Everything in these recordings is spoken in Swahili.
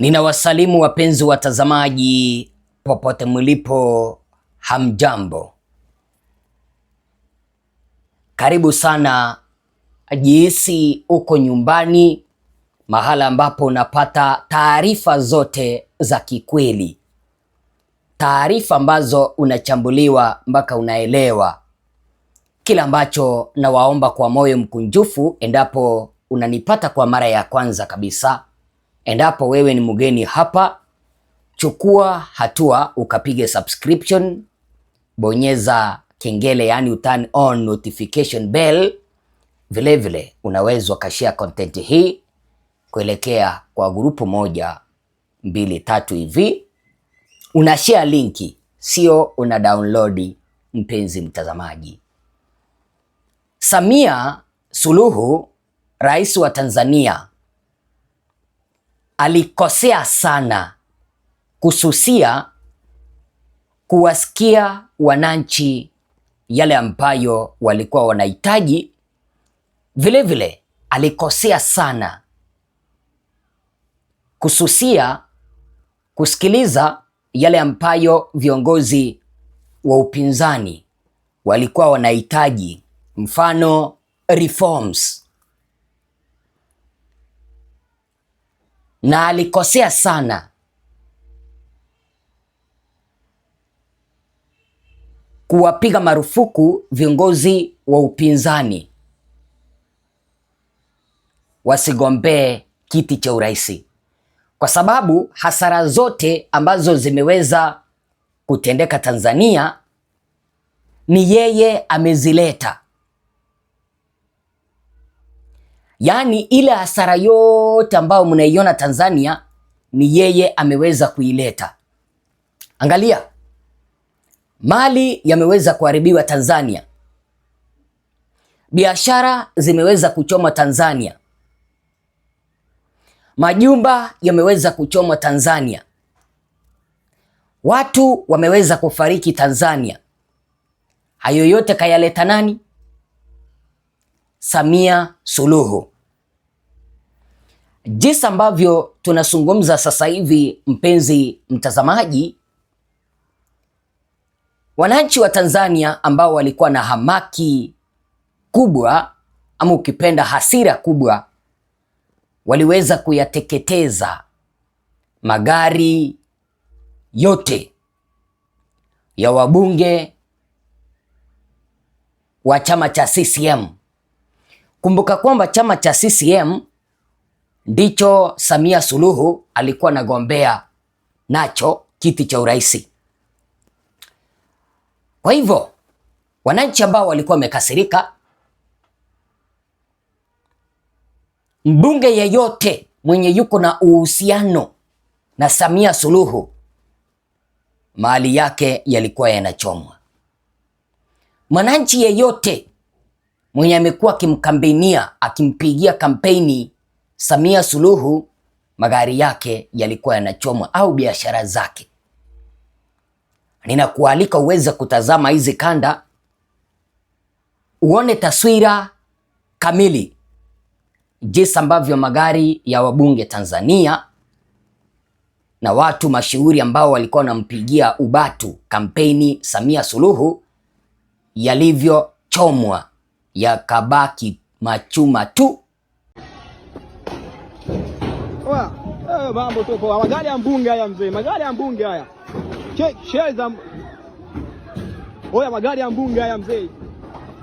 Ninawasalimu wapenzi watazamaji popote mlipo, hamjambo. Karibu sana, jihisi uko nyumbani, mahala ambapo unapata taarifa zote za kikweli, taarifa ambazo unachambuliwa mpaka unaelewa kila ambacho. Nawaomba kwa moyo mkunjufu, endapo unanipata kwa mara ya kwanza kabisa Endapo wewe ni mgeni hapa, chukua hatua ukapige subscription, bonyeza kengele, yani turn on notification bell. Vile vile unaweza ukashare content hii kuelekea kwa grupu moja mbili tatu hivi, una share linki, sio una download. Mpenzi mtazamaji, Samia Suluhu, rais wa Tanzania alikosea sana kususia kuwasikia wananchi yale ambayo walikuwa wanahitaji. Vile vile alikosea sana kususia kusikiliza yale ambayo viongozi wa upinzani walikuwa wanahitaji, mfano reforms na alikosea sana. kuwapiga marufuku viongozi wa upinzani wasigombee kiti cha urais, kwa sababu hasara zote ambazo zimeweza kutendeka Tanzania ni yeye amezileta. Yaani ile hasara yote ambayo mnaiona Tanzania ni yeye ameweza kuileta. Angalia, mali yameweza kuharibiwa Tanzania, biashara zimeweza kuchoma Tanzania, majumba yameweza kuchoma Tanzania, watu wameweza kufariki Tanzania. Hayo yote kayaleta nani? Samia Suluhu. Jinsi ambavyo tunazungumza sasa hivi, mpenzi mtazamaji, wananchi wa Tanzania ambao walikuwa na hamaki kubwa ama ukipenda hasira kubwa, waliweza kuyateketeza magari yote ya wabunge wa chama cha CCM. Kumbuka kwamba chama cha CCM ndicho Samia Suluhu alikuwa anagombea nacho kiti cha urais. Kwa hivyo wananchi ambao walikuwa wamekasirika, mbunge yeyote mwenye yuko na uhusiano na Samia Suluhu, mali yake yalikuwa yanachomwa. Mwananchi yeyote mwenye amekuwa akimkambenia akimpigia kampeni Samia Suluhu magari yake yalikuwa yanachomwa au biashara zake. Ninakualika uweze kutazama hizi kanda uone taswira kamili jinsi ambavyo magari ya wabunge Tanzania na watu mashuhuri ambao walikuwa wanampigia ubatu kampeni Samia Suluhu yalivyochomwa yakabaki machuma tu Eh, mambo tu poa. Magari ya mbunge haya mzee, magari ya mbunge haya. Cheza. Oya, magari ya mbunge haya mzee.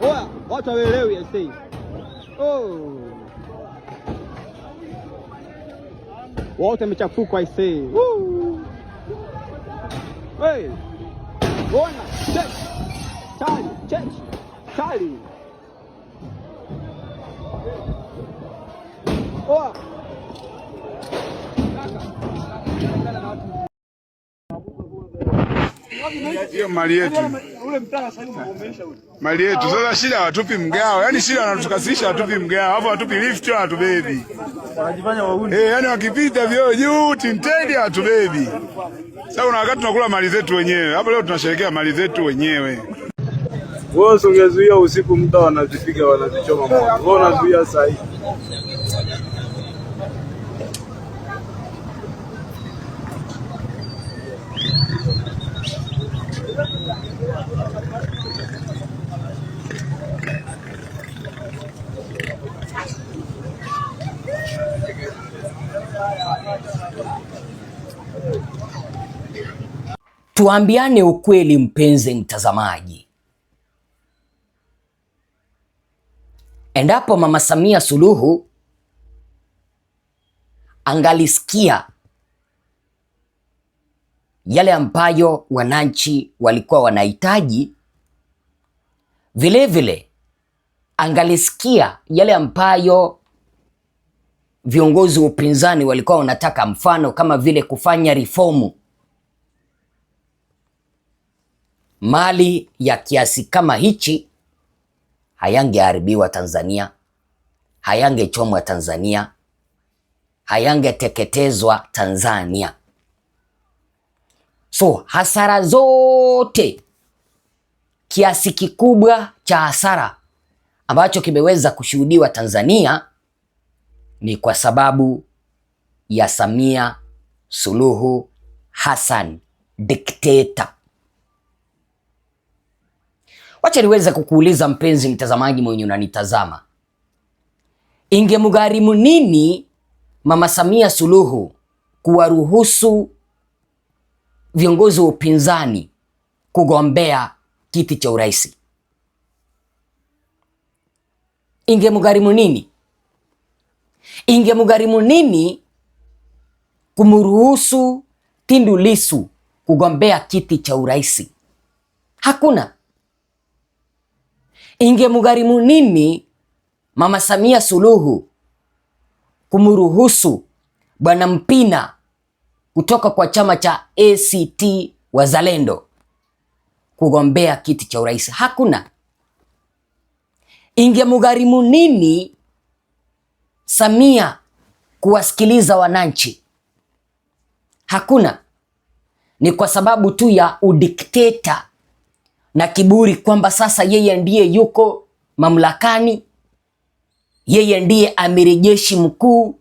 Oya, watu hawaelewi aisee. Oh. Wote wamechafuka aisee. Woo. Hey. Ona, check. Chali, check. Chali. Oya. hiyo mali yetu, mali yetu. Sasa shida watupi mgao, yaani shida wanatukasisha watupi mgao, hapo hawatupi lift, hawatubebi eh, yani wakipita vyoo juu tintendi, hawatubebi. Sasa kuna wakati tunakula mali zetu wenyewe, hapo leo tunasherehekea mali zetu wenyewe. Wewe ungezuia usiku muda wanazipiga wanazichoma moto, wewe unazuia saa hii Tuambiane ukweli, mpenzi mtazamaji, endapo Mama Samia Suluhu angalisikia yale ambayo wananchi walikuwa wanahitaji, vilevile angalisikia yale ambayo viongozi wa upinzani walikuwa wanataka, mfano kama vile kufanya reformu mali ya kiasi kama hichi hayangeharibiwa Tanzania, hayangechomwa Tanzania, hayangeteketezwa Tanzania. So hasara zote, kiasi kikubwa cha hasara ambacho kimeweza kushuhudiwa Tanzania ni kwa sababu ya Samia Suluhu Hassan dikteta. Wacha niweze kukuuliza mpenzi mtazamaji mwenye unanitazama, ingemgharimu nini Mama Samia Suluhu kuwaruhusu viongozi wa upinzani kugombea kiti cha urais? Ingemgharimu nini? Ingemgharimu nini kumruhusu Tundu Lissu kugombea kiti cha urais? Hakuna. Ingemgharimu nini Mama Samia Suluhu kumruhusu Bwana Mpina kutoka kwa chama cha ACT Wazalendo kugombea kiti cha urais? Hakuna. Ingemgharimu nini Samia kuwasikiliza wananchi? Hakuna. Ni kwa sababu tu ya udikteta na kiburi kwamba sasa yeye ndiye yuko mamlakani, yeye ndiye amiri jeshi mkuu.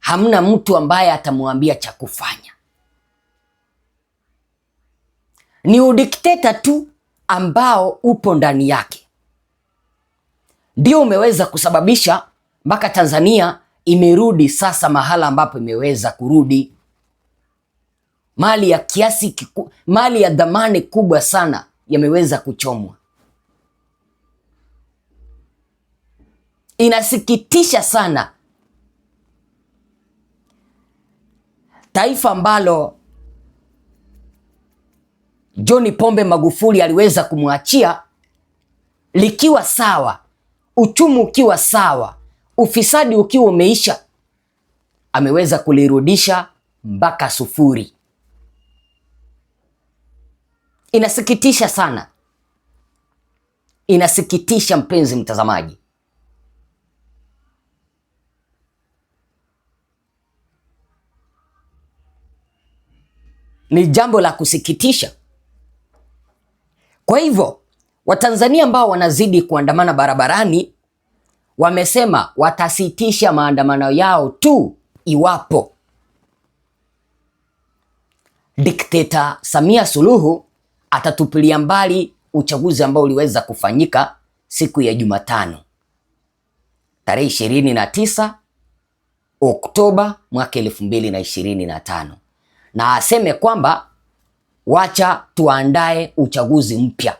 Hamna mtu ambaye atamwambia cha kufanya. Ni udikteta tu ambao upo ndani yake ndio umeweza kusababisha mpaka Tanzania imerudi sasa mahala ambapo imeweza kurudi. Mali ya kiasi kiku, mali ya dhamani kubwa sana yameweza kuchomwa. Inasikitisha sana, taifa ambalo John Pombe Magufuli aliweza kumwachia likiwa sawa, uchumi ukiwa sawa, ufisadi ukiwa umeisha, ameweza kulirudisha mpaka sufuri. Inasikitisha sana, inasikitisha mpenzi mtazamaji. Ni jambo la kusikitisha. Kwa hivyo Watanzania ambao wanazidi kuandamana barabarani wamesema watasitisha maandamano yao tu iwapo Dikteta Samia Suluhu atatupilia mbali uchaguzi ambao uliweza kufanyika siku ya Jumatano tarehe ishirini na tisa Oktoba mwaka elfu mbili na ishirini na tano na aseme kwamba wacha tuandae uchaguzi mpya.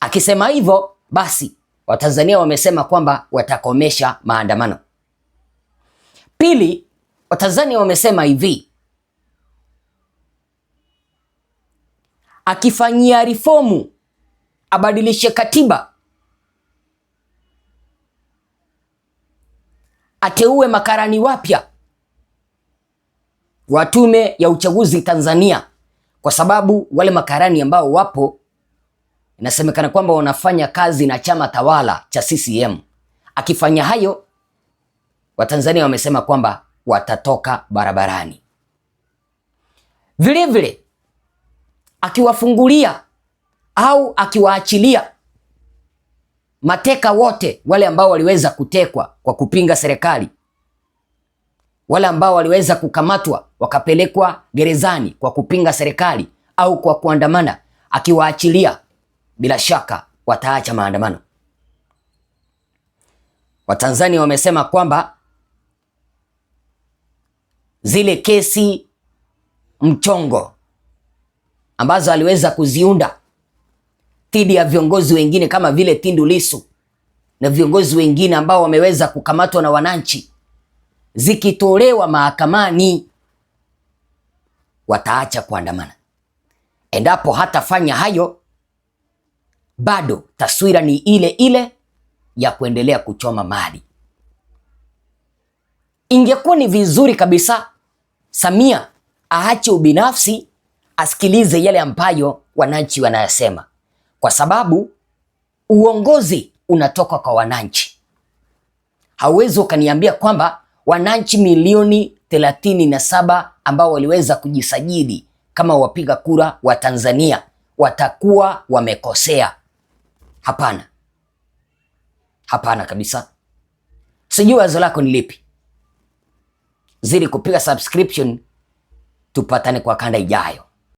Akisema hivyo, basi Watanzania wamesema kwamba watakomesha maandamano. Pili, Watanzania wamesema hivi akifanyia rifomu, abadilishe katiba, ateue makarani wapya wa tume ya uchaguzi Tanzania, kwa sababu wale makarani ambao wapo inasemekana kwamba wanafanya kazi na chama tawala cha CCM. Akifanya hayo, Watanzania wamesema kwamba watatoka barabarani. Vilevile akiwafungulia au akiwaachilia mateka wote wale ambao waliweza kutekwa kwa kupinga serikali, wale ambao waliweza kukamatwa wakapelekwa gerezani kwa kupinga serikali au kwa kuandamana, akiwaachilia, bila shaka wataacha maandamano. Watanzania wamesema kwamba zile kesi mchongo ambazo aliweza kuziunda dhidi ya viongozi wengine kama vile Tundu Lissu na viongozi wengine ambao wameweza kukamatwa na wananchi, zikitolewa mahakamani wataacha kuandamana. Endapo hatafanya hayo, bado taswira ni ile ile ya kuendelea kuchoma mali. Ingekuwa ni vizuri kabisa Samia aache ubinafsi asikilize yale ambayo wananchi wanayasema, kwa sababu uongozi unatoka kwa wananchi. Hauwezi ukaniambia kwamba wananchi milioni thelathini na saba ambao waliweza kujisajili kama wapiga kura wa Tanzania watakuwa wamekosea. Hapana, hapana kabisa. Sijui wazo lako ni lipi? Zidi kupiga subscription, tupatane kwa kanda ijayo.